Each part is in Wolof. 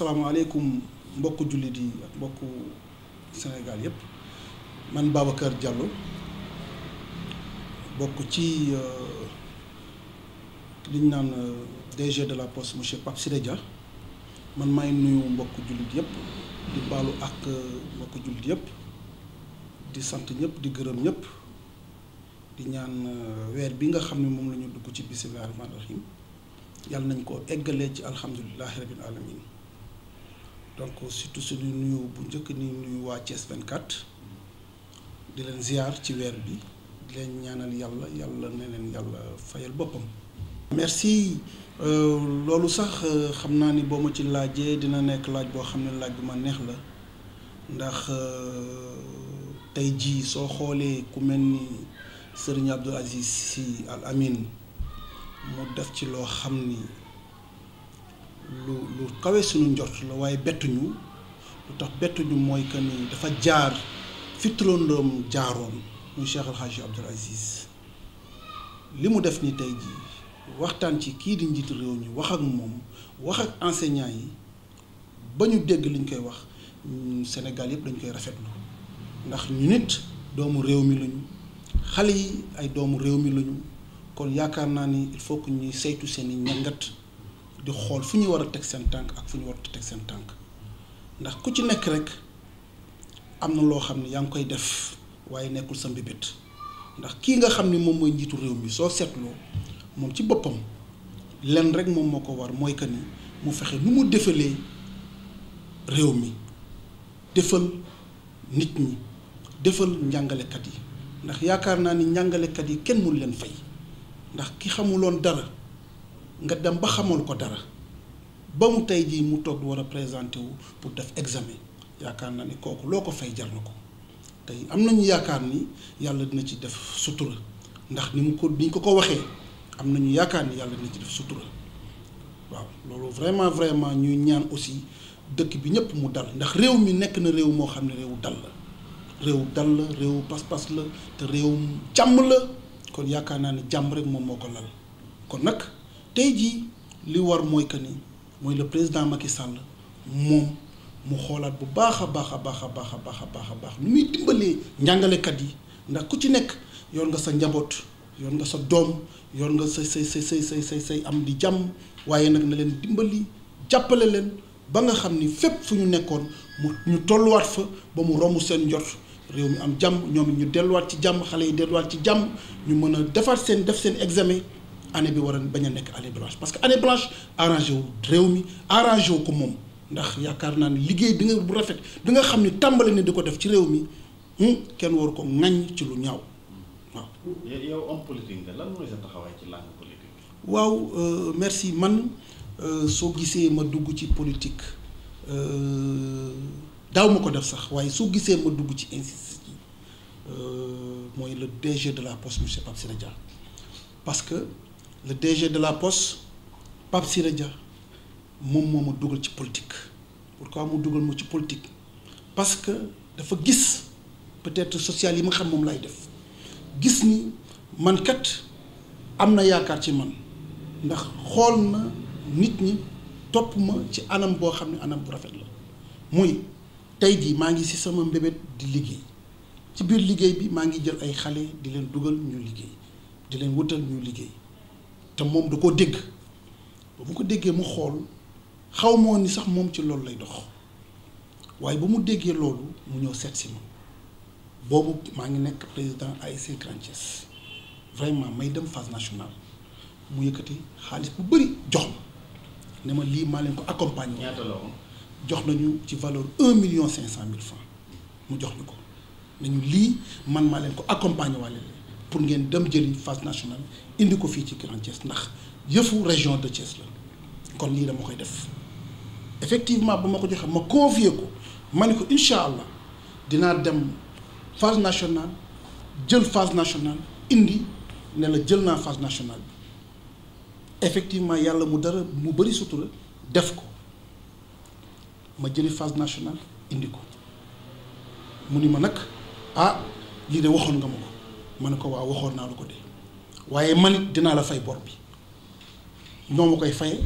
asalaamaaleykum mbokku jullit yi ak mbokku Sénégal yëpp man Babacar Diallo bokk ci euh, li ñu naan euh, DG de la poste monsieur Pape Siré Dia man may nuyu mbokk jullit yëpp di baalu ak euh, mbokku jullit yëpp di sant ñëpp di gërëm ñëpp di ñaan weer bi nga xam ni moom la ñu dugg ci bisimilah rahmaani rahim yàlla nañ ko eggalee ci alhamdulilahi rabbil alamin donc surtout suñu nuyu bu njëkk ni nuyu waa Thiès 24 di leen ziar ci weer bi di leen ñaanal yàlla yàlla ne leen yàlla fayal boppam. merci euh, loolu sax euh, xam naa ni boo ma ci laajee dina nekk laaj boo xam ne laaj bu ma neex la ndax euh, tey jii soo xoolee ku mel ni Serigne Abdou Aziz si Al Amin mu def ci loo xam ni. lu lu kawe suñu njort la waaye bettuñu lu tax bettuñu mooy que ni dafa jaar fi turandoom jaaroon muy Cheikh El Hadj Aziz li mu def ni tey jii waxtaan ci kii di njiitu réew mi wax ak moom wax ak enseignant yi ba ñu dégg liñ koy wax senegal yëpp dañ koy rafetlu ndax ñu nit doomu réew mi lañu xale yi ay doomu réew mi lañu kon yaakaar naa ni il faut que ñuy saytu seen i di xool fu ñuy war a teg seen tànk ak fu ñu war a teg seen tànk ndax ku ci nekk rek am na loo xam ne yaa ngi koy def waaye nekkul sa mbibét ndax kii nga xam ne moom mooy njiitu réew mi soo seetloo moom ci boppam lenn rek moom moo ko war mooy que ni mu fexe nu mu defalee réew mi defal nit ñi defal njàngalekat yi ndax yaakaar naa ni njàngalekat yi kenn mënu leen fay ndax ki xamuloon dara. nga dem ba xamal ko dara ba mu tey jii mu toog war a présenter wu pour def examen yaakaar na ni kooku loo ko fay jar na ko tey am nañu yaakaar ni yàlla dina ci def sutura ndax ni mu ko ñu ko ko waxee am nañu yaakaar ni yàlla dina ci def sutura waaw loolu vraiment vraiment ñuy ñaan aussi dëkk bi ñëpp mu dal ndax réew mi nekk na réew moo xam ne réew dal la réew dal la réew pas la te réew jàmm la kon yaakaar naa ne jàmm rek moom moo ko lal kon nag. tey jii li war mooy que ni mooy le président Macky Sall moom mu xoolaat bu baax a baax a baax a baax a baax a baax a baax nu muy dimbalee njàngalekat yi ndax ku ci nekk yoon nga sa njaboot yoon nga sa doom yoon nga sa say say say say say say am di jàmm waaye nag na leen dimbali jàppale leen ba nga xam ni fépp fu ñu nekkoon mu ñu tolluwaat fa ba mu romb seen njot réew mi am jàmm ñoom it ñu delluwaat ci jàmm xale yi delluwaat ci jàmm ñu mën a defaat seen def seen examen. anne bi war a bañ a nekk année blanche parce que année blanche arrangé wu réew mi arrangé wu ko moom ndax yaakaar naa ne liggéey bi nga bu rafet bi nga xam ni tàmbali ne di ko def ci réew mi hmm, kenn waru ko ŋaññ ci lu ñaaw waaw. yow homme lan mooy sa taxawaay ci langue politique. waaw euh, merci man euh, soo gisee ma dugg ci politique euh, daaw ma ko def sax waaye soo gisee ma dugg ci insiste mooy le DG de la poste monsieur Pape Sénégal parce que. le DG de la poste Pape Siré Dia moom moo ma dugal ci politique pourquoi mu dugal ma ci politique parce que dafa gis peut-être social yi ma xam moom lay def gis ni man kat am na yaakaar ci man ndax xool na nit ñi topp ma ci anam boo xam ne anam bu rafet la muy tey jii maa ngi ci sama mbébét di liggéey ci biir liggéey bi maa ngi jël ay xale di leen dugal ñu liggéey di leen wutal ñu liggéey te moom da koo dégg ba mu ko déggee mu xool xaw moo ni sax moom ci loolu lay dox waaye ba mu déggee loolu mu ñëw seet si ma boobu maa ngi nekk président ay Grand Thiès vraiment may dem phase nationale mu yëkkati xaalis bu bëri jox ma ne ma lii maa leen ko accompagner. ñaata jox nañu ci valeur un million cinq cent mille francs mu jox ñu ko nañu lii man maa leen ko accompagner waale pour ngeen dem jëli phase nationale indi ko fii ci Grand Thiès ndax yëfu région de Thiès la kon lii dama koy def effectivement ba ma ko joxee ma convier ko ma ne ko incha allah dinaa dem phase nationale jël phase nationale indi ne la jël naa phase nationale bi effectivement yàlla mu dara mu bëri sutura def ko ma jëli phase nationale indi ko mu ni ma nag ah lii de waxoon nga ma ko. ma ne ko waaw waxoon naa la ko de waaye man dinaa la fay bor bi noo ma koy faye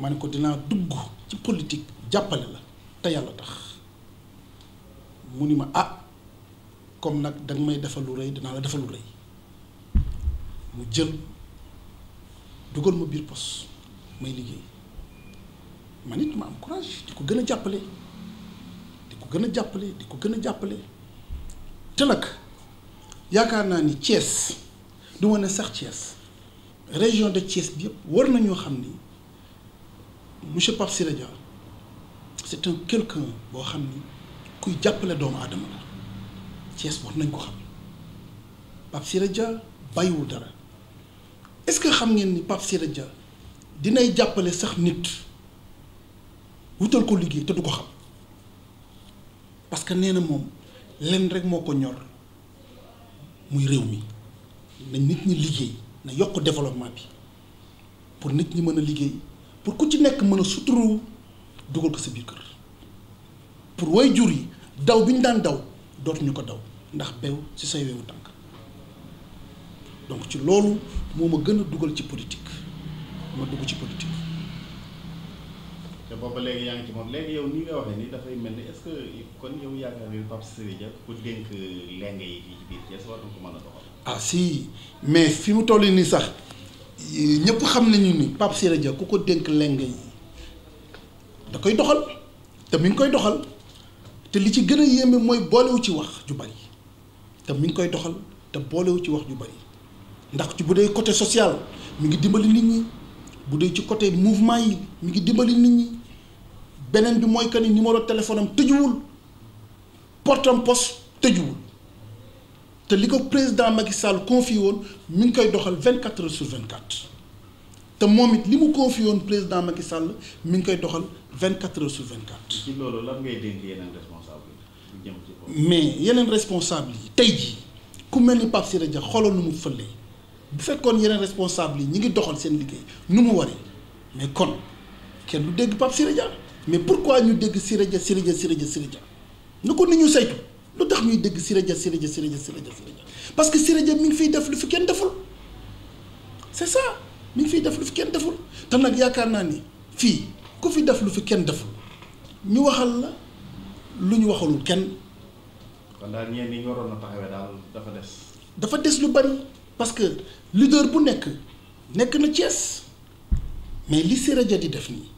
ma ne ko dinaa dugg ci politik jàppale la te yàlla tax mu ni ma ah comme nag danga may defal lu rëy dinaa la defal lu rëy mu jël dugal ma biir pos may liggéey man it ma am courage di ko gën a jàppale di ko gën a jàppale di ko gën a jàppale te yaakaar naa ni Thiès du wane sax Thiès région de Thiès bi yëpp war nañoo xam ni monsieur Pape Siré Dia c'est un boo xam ni kuy jàppale doomu aadama la Thiès war nañ ko xam Pape Siré Dia bàyyiwul dara est-ce que xam ngeen ni Pape Siré Dia dinay jàppale sax nit wutal ko liggéey te du ko xam parce que nee na moom lenn rek moo ko ñor. muy réew mi na nit ñi liggéey na yokk développement bi pour nit ñi mën a liggéey pour ku ci nekk mën a suturu dugal ko sa biir kër pour woy jur yi daw bi ñu daan daw dootuñu ko daw ndax bew ci say wewu tànk donc ci loolu moo ma gën a dugal ci politique ma dugg ci politique te booba léegi yaa ngi ci moom léegi yow nii nga waxee nii dafay mel ni est-ce que kon yow yaakaar ni Pape Siré Dia ku dénk leng yi fii ci biir ko mën a doxal. ah si mais fi mu toll nii sax ñëpp xam nañu ni Pape Siré ku ko dénk leng yi da koy doxal te mi ngi koy doxal te li ci gën a yéeme mooy boolewu ci wax ju bari te mi ngi koy doxal te boolewu ci wax ju bari ndax bu dee côté social mu ngi dimbali nit ñi bu dee ci côté mouvement yi mu ngi dimbali nit ñi. beneen bi mooy que ni numéro téléphone am tëjuwul porte am poste tëjuwul te li ko président Macky Sall confié woon mi ngi koy doxal 24 heures sur 24 te moom it li mu confié woon président Macky Sall mi ngi koy doxal 24 heures sur 24. ci loolu lan ngay dénk yeneen responsable yi jëm ci mais yeneen responsable yi tey jii ku mel ni Pape Siré Dia xoolal nu mu fële bu fekkoon yeneen responsable yi ñu ngi doxal seen liggéey nu mu waree mais kon kenn du dégg Pape Siré mais pour pourquoi ñu dégg Siré Dia Siré Dia Siré Dia Siré Dia nu ko nit ñu saytu lu tax ñuy dégg Siré Dia Siré Dia Siré Dia Siré Dia parce que Siré mi ngi fiy def lu fi kenn deful c'est ça mi ngi fiy def lu fi kenn deful te nag yaakaar naa ni fii ku fi def lu fi kenn deful ñu waxal la lu ñu waxalul kenn. kon daal ñeen ñi ñu na taxawee daal dafa des. dafa des lu bari parce que leader bu nekk nekk na Thiès mais li Siré Dia di def nii.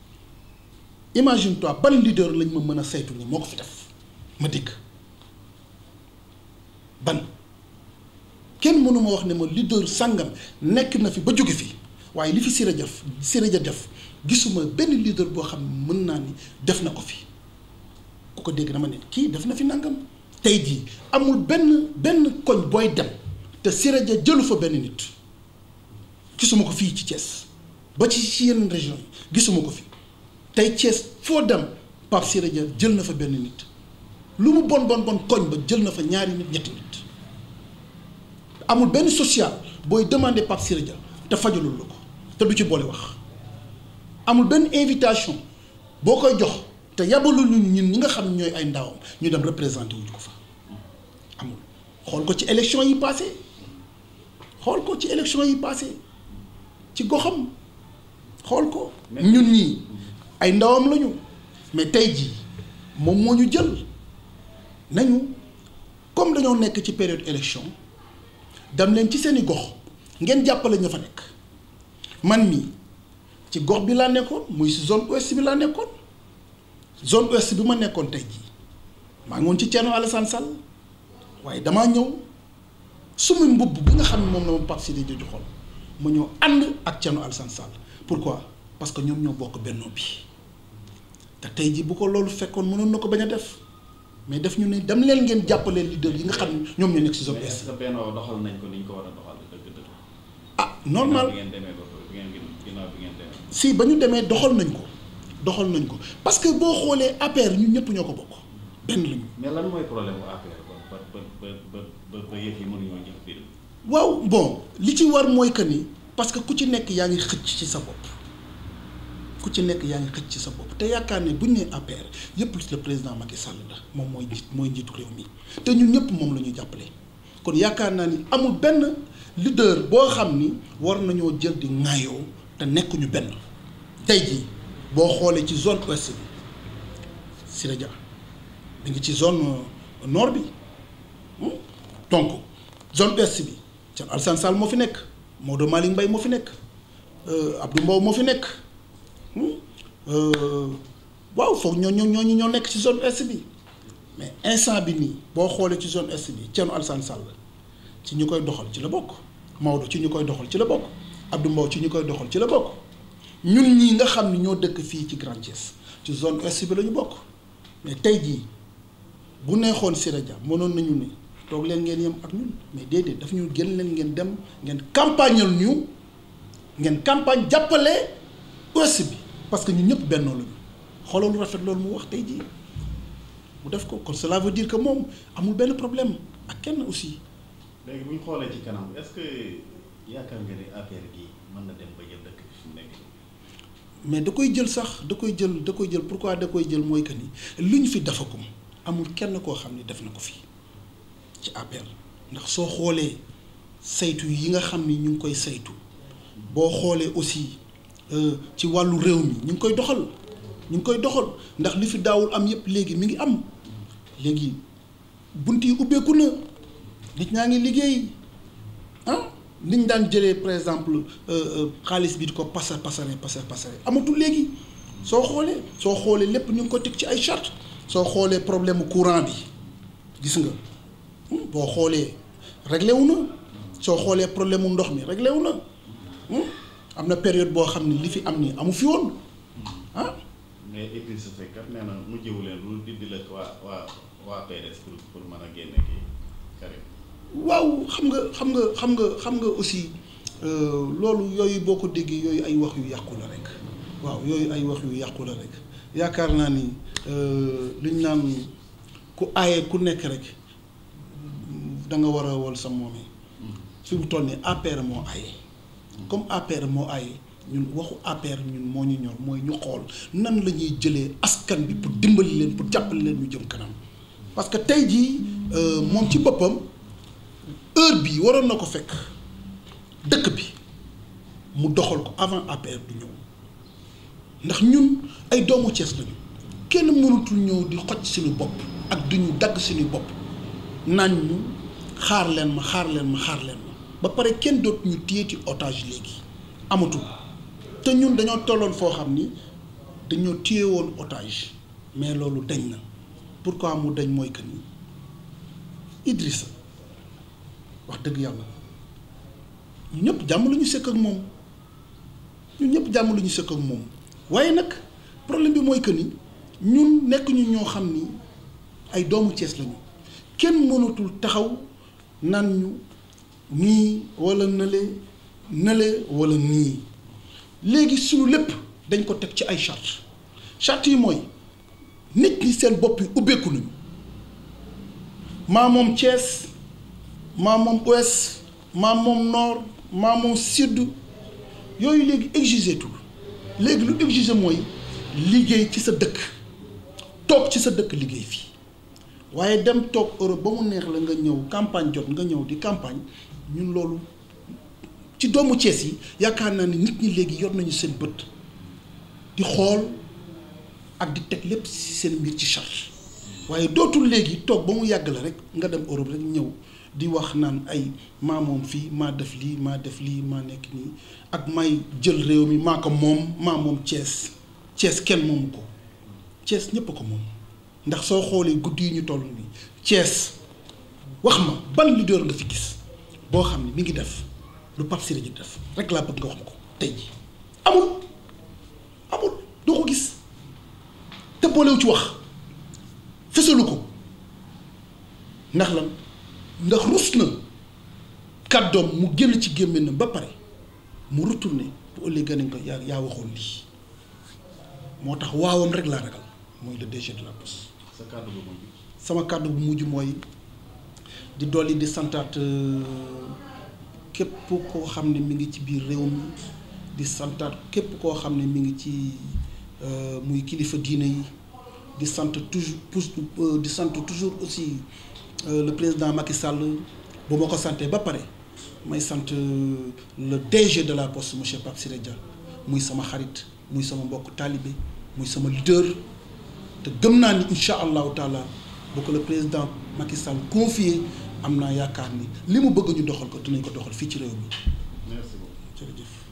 imagine toi ban leader lañ ma mën a saytu ni moo ko fi def ma dikk ban kenn mënuma wax ne ma leader sàngam nekk na fi ba jóge fi waaye li fi Siré def Siré def gisuma benn leader boo xam ne mën naa ni def na ko fi ku ko dégg dama ne kii def na fi nangam tey jii amul benn benn koñ booy dem te Siré jëlu fa benn nit gisuma ko fii ci cees ba ci ci yenn région yi gisuma ko fi tey Thiès foo dem Pape Siré Dia jël na fa benn nit lu mu bon bon bon koñ ba jël na fa ñaari nit ñetti nit amul benn social booy demandé Pape Siré te fajalul la ko te du ci boole wax amul benn invitation boo koy jox te yabalul ñun ñi nga xam ñooy ay ndawam ñu dem représenté wuñ ko fa amul xool ko ci élection yi passé xool ko ci élection yi passé ci goxam xool ko ñun ñii ay ndawam lañu mais tey jii moom moo ñu jël nañu comme dañoo nekk ci période élection dem leen ci seeni gox ngeen jàppale ña fa nekk man mii ci gox bi laa nekkoon muy si zone ouest bi laa nekkoon zone ouest bi ma nekkoon tey jii maa ngi woon ci Thierno Alassane Sall waaye damaa ñëw suma mbubb bi nga xam ne moom la ma Pape Sidi di joxoon ma ñëw ànd ak Thierno Alassane Sall pourquoi parce que ñoom ñoo bokk bennoo bi te tey ji bu ko loolu fekkoon mënoon na ko bañ a def mais def ñu ne dem leen ngeen jàppale leader yi nga xam ne ñoom ñoo nekk si zone est. bennoo doxal nañ ko a doxal dëgg dëgg ah, si ba ñu demee doxal nañ ko doxal nañ ko parce que boo xoolee APR ñun ñëpp ko bokk mais lan mooy problème bu APR ba ba ba ba ba waaw bon li ci war mooy que ni parce que ku ci nekk yaa ngi xëcc ci sa bopp. ku ci nekk yaa ngi xëcc ci sa bopp te yaakaar ne buñ nee APR yëpp le président Macky Sall la moom mooy njiit mooy njiitu réew mi te ñun ñëpp moom la ñu jàppale kon yaakaar naa ni amul benn leader boo xam ni war nañoo jël di ŋaayoo te nekkuñu benn tey jii boo xoolee ci zone ouest bi Siré Dia mi ngi ci zone euh, nord bi tonk hmm? zone ouest bi Thierno Alassane moo fi nekk Maodo Malick mbay moo fi nekk euh, Abdou Mbow moo fi nekk Hmm? Euh, waaw foog ñoo ñoo ñooñu ñoo nekk ci zone est bi mais instant bi nii boo xoolee ci zone est bi Thierno Alassane Sall ci ñu koy doxal ci la bokk Maodo ci ñu koy doxal ci la bokk Abdou Mbow ci ñu koy doxal ci la bokk ñun ñii nga xam ni ñoo dëkk fii ci Grand Thiès ci zone est bi la bokk mais tey jii bu neexoon Siré Dia mënoon nañu nii toog leen ngeen yem ak ñun mais déedéet daf ñu génn leen ngeen dem ngeen campagnal ñu ngeen campagne jàppale est bi. parce que ñun ñëpp bennoo lañu xoolal lu rafet loolu mu wax tey jii mu def ko kon cela veut dire que moom amul benn problème ak kenn aussi. léegi bu xoolee ci kanam est-ce que yaakaar nga ne affaire gi mën na dem ba jël dëkk mais da koy jël sax da koy jël da koy jël pourquoi da koy jël mooy que ni lu ñu fi dafa ko amul kenn koo xam ni def na ko fii ci APR ndax soo xoolee saytu yi nga xam ni ñu ngi koy saytu boo xoolee aussi. Euh, ci wàllu réew mi ñu ngi koy doxal ñu ngi koy doxal ndax li fi daawul am yëpp léegi mi ngi am léegi bunt yi ubbeeku na nit ñaa ngi liggéey ah nit ñu daan jëlee par exemple euh, euh, xaalis bi di ko pasar pasare pasar pasare amatul léegi soo xoolee soo xoolee lépp ñu ngi ko teg ci ay charte soo xoolee problème courant bi gis nga hmm? boo xoolee réglé na soo xoolee problème mu ndox mi réglé wu na hmm? am na période boo xam ne li fi am nii amu fi woon hmm. ah. mais Idrissa Seck kat nee na mu leen lu dindi la waa waa waa PDS pour pour mën a génne kii Karim. waaw xam nga xam nga xam nga xam nga aussi euh, loolu yooyu boo ko déggee yooyu ay wax yu yàqu la rek waaw yooyu ay wax yu yàqu la rek yaakaar naa ni euh, liñ naan ku aaye ku nekk rek danga war a wol sa moom hmm. fi mu toll nii APR moo aaye. comme APR moo ay ñun waxu APR ñun moo ñu ñor mooy ñu xool nan la ñuy jëlee askan bi pour dimbali leen pour jàppali leen ñu jëm kanam parce que tey jii euh, moom ci boppam heure bi waroon na ko fekk dëkk bi mu doxal ko avant APR du ñëw ndax ñun ay doomu Cees lañu kenn mënatul ñëw di xoj suñu bopp ak ñu dagg suñu bopp naan ñu xaar leen ma xaarleen ma xaar leen ba pare kenn ñu téye ci otage léegi amatul te ñun dañoo tolloon foo xam ni dañoo téye woon otage mais loolu dañ na pour pourquoi mu dañ mooy que ni Idrissa wax dëgg yàlla ñu ñëpp jàmm lu sëkk ak moom ñu ñëpp jàmm lu ñu sëkk ak moom waaye nag problème bi mooy que ni ñun nekk ñu ñoo xam ni ay doomu Cees lañu kenn mënatul taxaw nan ñu. nii wala nële nële wala nii léegi suñu lépp dañ ko teg ci ay charte charte yi mooy nit ñi seen bopp yi ubbeeku nañu maa moom Thiès maa moom ouest maa moom nord yooyu léegi exiger tout léegi lu exiger mooy liggéey ci sa dëkk toog ci sa dëkk liggéey fii waaye dem toog Europe ba mu neex la nga ñëw campagne jot nga ñëw di campagne ñun loolu ci doomu Cees yi yaakaar naa ni nit ñi léegi yor nañu seen bët di xool ak di teg lépp ci seen mbir ci charge waaye dootul léegi toog ba mu yàgg la rek nga dem Europe rek ñëw di wax naan ay maa moom fii maa def lii maa def lii maa nekk nii ak may jël réew mi maa ko moom maa moom Cees Cees kenn moom ko Cees ñépp ko moom ndax soo xoolee guddi yi ñu toll nii Cees wax ma ban leader nga fi gis boo xam ne mi ngi def lu Pape Siré Dia def rek laa bëgg nga wax ko tey ji amul amul doo ko gis te boolewu ci wax fësalu ko ndax lan ndax rus na kàddoom mu génn ci gémmiñ na ba pare mu retourné bu ëllëg gën ko yaa yaa waxoon lii moo tax waawam rek laa ragal mooy le DG sama kàddu bu mujj mooy. di dolli di santaat euh, képp koo xam ne mi ngi ci biir réew mi di santaat képp koo xam ne mi ngi ci euh, muy kilifa diine yi di sant toujours euh, di sant toujours aussi le président Macky Sall bu ma ko santee ba pare may sant le DG de la poste monsieur Pape Siré Dia muy sama xarit muy sama mbokk taalibe muy sama leader te gëm naa ni incha allahu taala bu ko le président Macky Sall confié am naa yaakaar ni li mu bëgg ñu doxal ko dinañ ko doxal fii ci réew mi. merci beaucoup jërëjëf.